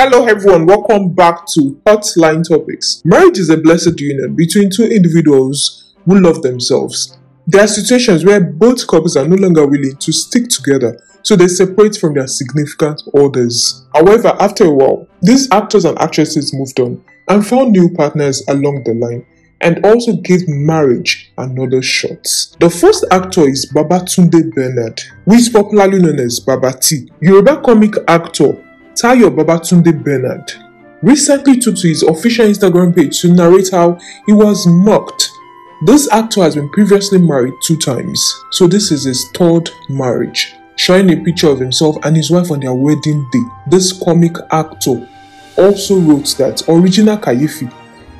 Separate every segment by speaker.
Speaker 1: Hello, everyone. Welcome back to Hotline Topics. Marriage is a blessed union between two individuals who love themselves. There are situations where both couples are no longer willing to stick together, so they separate from their significant others. However, after a while, these actors and actresses moved on and found new partners along the line and also gave marriage another shot. The first actor is Babatunde Bernard, who is popularly known as Babati, Yoruba comic actor Tayo Babatunde Bernard, recently took to his official Instagram page to narrate how he was mocked. This actor has been previously married two times, so this is his third marriage. Showing a picture of himself and his wife on their wedding day, this comic actor also wrote that original Kayifi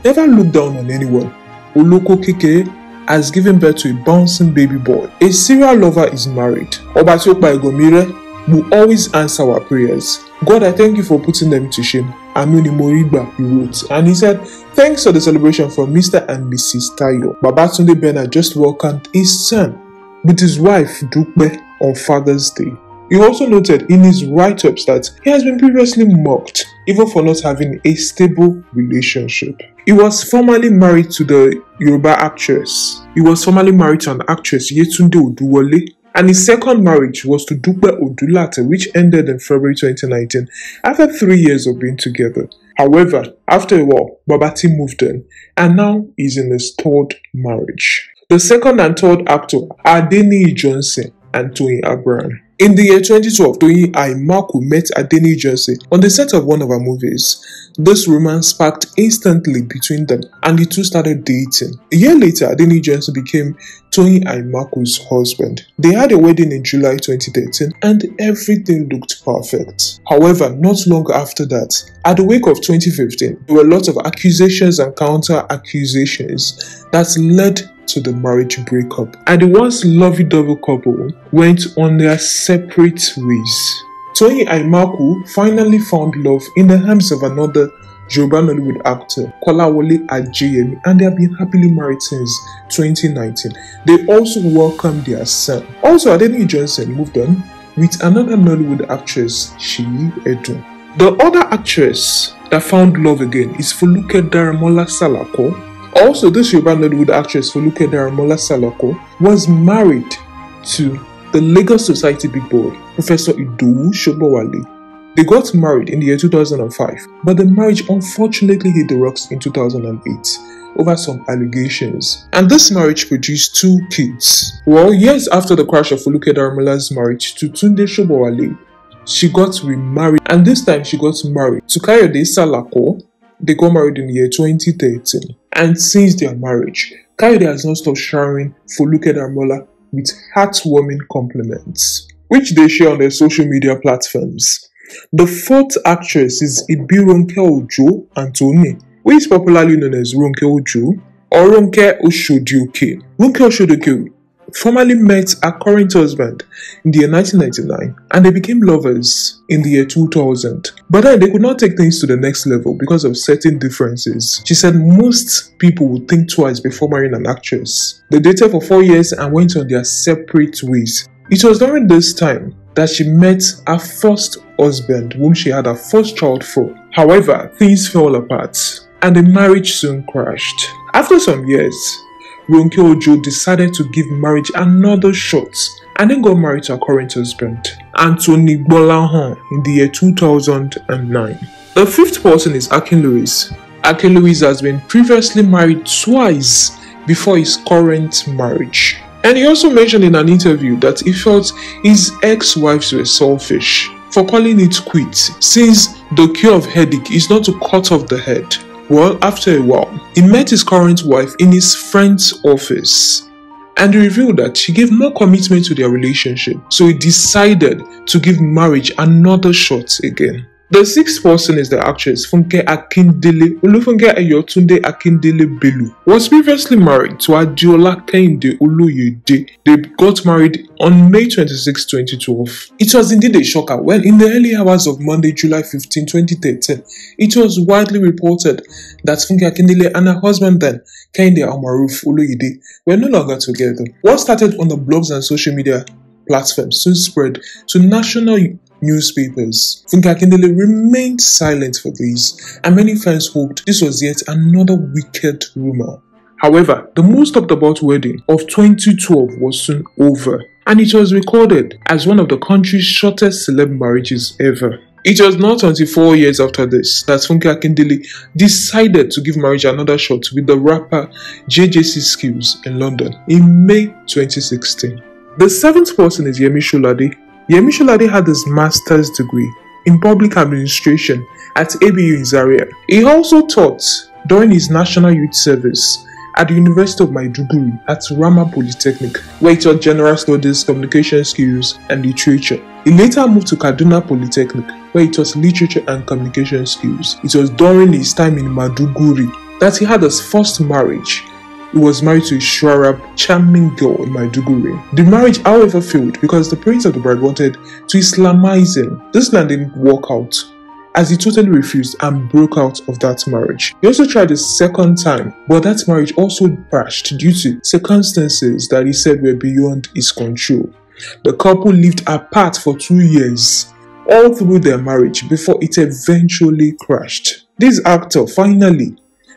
Speaker 1: never looked down on anyone. Oloko Keke has given birth to a bouncing baby boy. A serial lover is married. Obatio Igomire will always answer our prayers. God, I thank you for putting them to shame. Amuni Moriba he wrote. And he said, Thanks for the celebration from Mr. and Mrs. Tayo. Babatunde Bena just welcomed his son with his wife Dukbe on Father's Day. He also noted in his write ups that he has been previously mocked, even for not having a stable relationship. He was formerly married to the Yoruba actress. He was formerly married to an actress, Yetunde Oduwole, and his second marriage was to Dupe Odulate, which ended in February 2019 after three years of being together. However, after a while, Babati moved in and now is in his third marriage. The second and third actor are Denny Johnson and Tony Abraham. In the year 2012, Toyin Aimaku met Adeni Johnson on the set of one of her movies. This romance sparked instantly between them and the two started dating. A year later, Adeni Jensen became Toyin Aimaku's husband. They had a wedding in July 2013 and everything looked perfect. However, not long after that, at the wake of 2015, there were lots of accusations and counter accusations that led to the marriage breakup. And the once lovey dovey couple went on their separate ways. Tony Aimaku finally found love in the arms of another Yoruba Nollywood actor Kolawole Ajayemi and they have been happily married since 2019. They also welcomed their son. Also, Adeni Johnson moved on with another Nollywood actress, Shiyi Edo. The other actress that found love again is Fuluke Daramola Salako, also, this Yoruba Nollywood actress Foluke Daramola Salako was married to the Lagos Society Big Boy, Professor Idowu Shobowale. They got married in the year 2005, but the marriage unfortunately hit the rocks in 2008 over some allegations. And this marriage produced two kids. Well, years after the crash of Foluke Daramola's marriage to Tunde Shobowale, she got remarried and this time she got married to Kayode Salako. They got married in the year 2013. And since their marriage, Kayode has not stopped showering Foluke Damola with heartwarming compliments, which they share on their social media platforms. The fourth actress is Ronke Ojo Antoni, who is popularly known as Ronke Ojo or Ronke Oshodi Ronke Oshodi Formally met her current husband in the year 1999 and they became lovers in the year 2000. But then they could not take things to the next level because of certain differences. She said most people would think twice before marrying an actress. They dated for four years and went on their separate ways. It was during this time that she met her first husband, whom she had her first child for. However, things fell apart and the marriage soon crashed. After some years, Ronke Ojo decided to give marriage another shot and then got married to her current husband, Anthony Bolahan, in the year 2009. The fifth person is Akin Lewis. Akin Lewis has been previously married twice before his current marriage. And he also mentioned in an interview that he felt his ex wives were selfish for calling it quits, since the cure of headache is not to cut off the head well, after a while, he met his current wife in his friend's office and he revealed that she gave more commitment to their relationship, so he decided to give marriage another shot again. The sixth person is the actress Funke Akindele Olufunke Ayotunde Akindele Belu was previously married to Adiola Kehinde Oluyede. They got married on May 26, 2012. It was indeed a shocker when in the early hours of Monday, July 15, 2013, it was widely reported that Funke Akindele and her husband then, Kehinde Almaroof Oluyede, were no longer together. What started on the blogs and social media platforms soon spread to national newspapers. Funkakindele remained silent for this, and many fans hoped this was yet another wicked rumor. However, the most talked about wedding of 2012 was soon over, and it was recorded as one of the country's shortest celeb marriages ever. It was not until four years after this that Funke Akindele decided to give marriage another shot with the rapper JJC Skills in London in May 2016. The seventh person is Yemi Shulade, Yemi had his master's degree in public administration at ABU in Zaria. He also taught during his national youth service at the University of Maiduguri at Rama Polytechnic, where he taught general studies, communication skills, and literature. He later moved to Kaduna Polytechnic, where he taught literature and communication skills. It was during his time in Maduguri that he had his first marriage who was married to a Shwarab, charming girl in Maiduguri. The marriage, however, failed because the parents of the bride wanted to Islamize him. This plan didn't work out as he totally refused and broke out of that marriage. He also tried a second time, but that marriage also crashed due to circumstances that he said were beyond his control. The couple lived apart for two years, all through their marriage, before it eventually crashed. This actor finally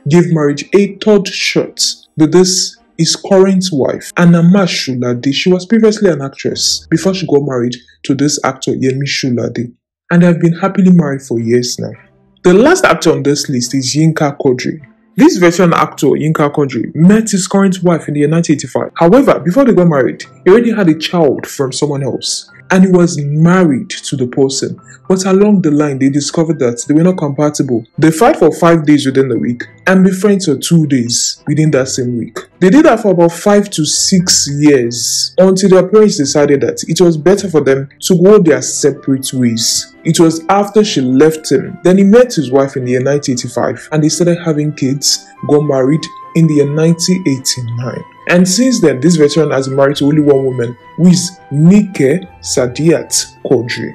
Speaker 1: gave marriage a third shot this his current wife, Anama Shulade. She was previously an actress before she got married to this actor Yemi Shulade and have been happily married for years now. The last actor on this list is Yinka Kodri. This veteran actor, Yinka Kodri, met his current wife in the year 1985. However, before they got married, he already had a child from someone else and he was married to the person. But along the line, they discovered that they were not compatible. They fight for five days within the week and be friends for two days within that same week. They did that for about five to six years until their parents decided that it was better for them to go their separate ways. It was after she left him. Then he met his wife in the year 1985 and they started having kids, got married in the year 1989. And since then, this veteran has married to only one woman, who is Nike Sadiat Kodri.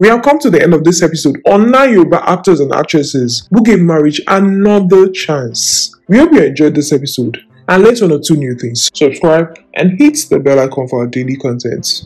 Speaker 1: We have come to the end of this episode on nine Yoruba actors and actresses who gave marriage another chance. We hope you enjoyed this episode and let's learn two new things. Subscribe and hit the bell icon for our daily content.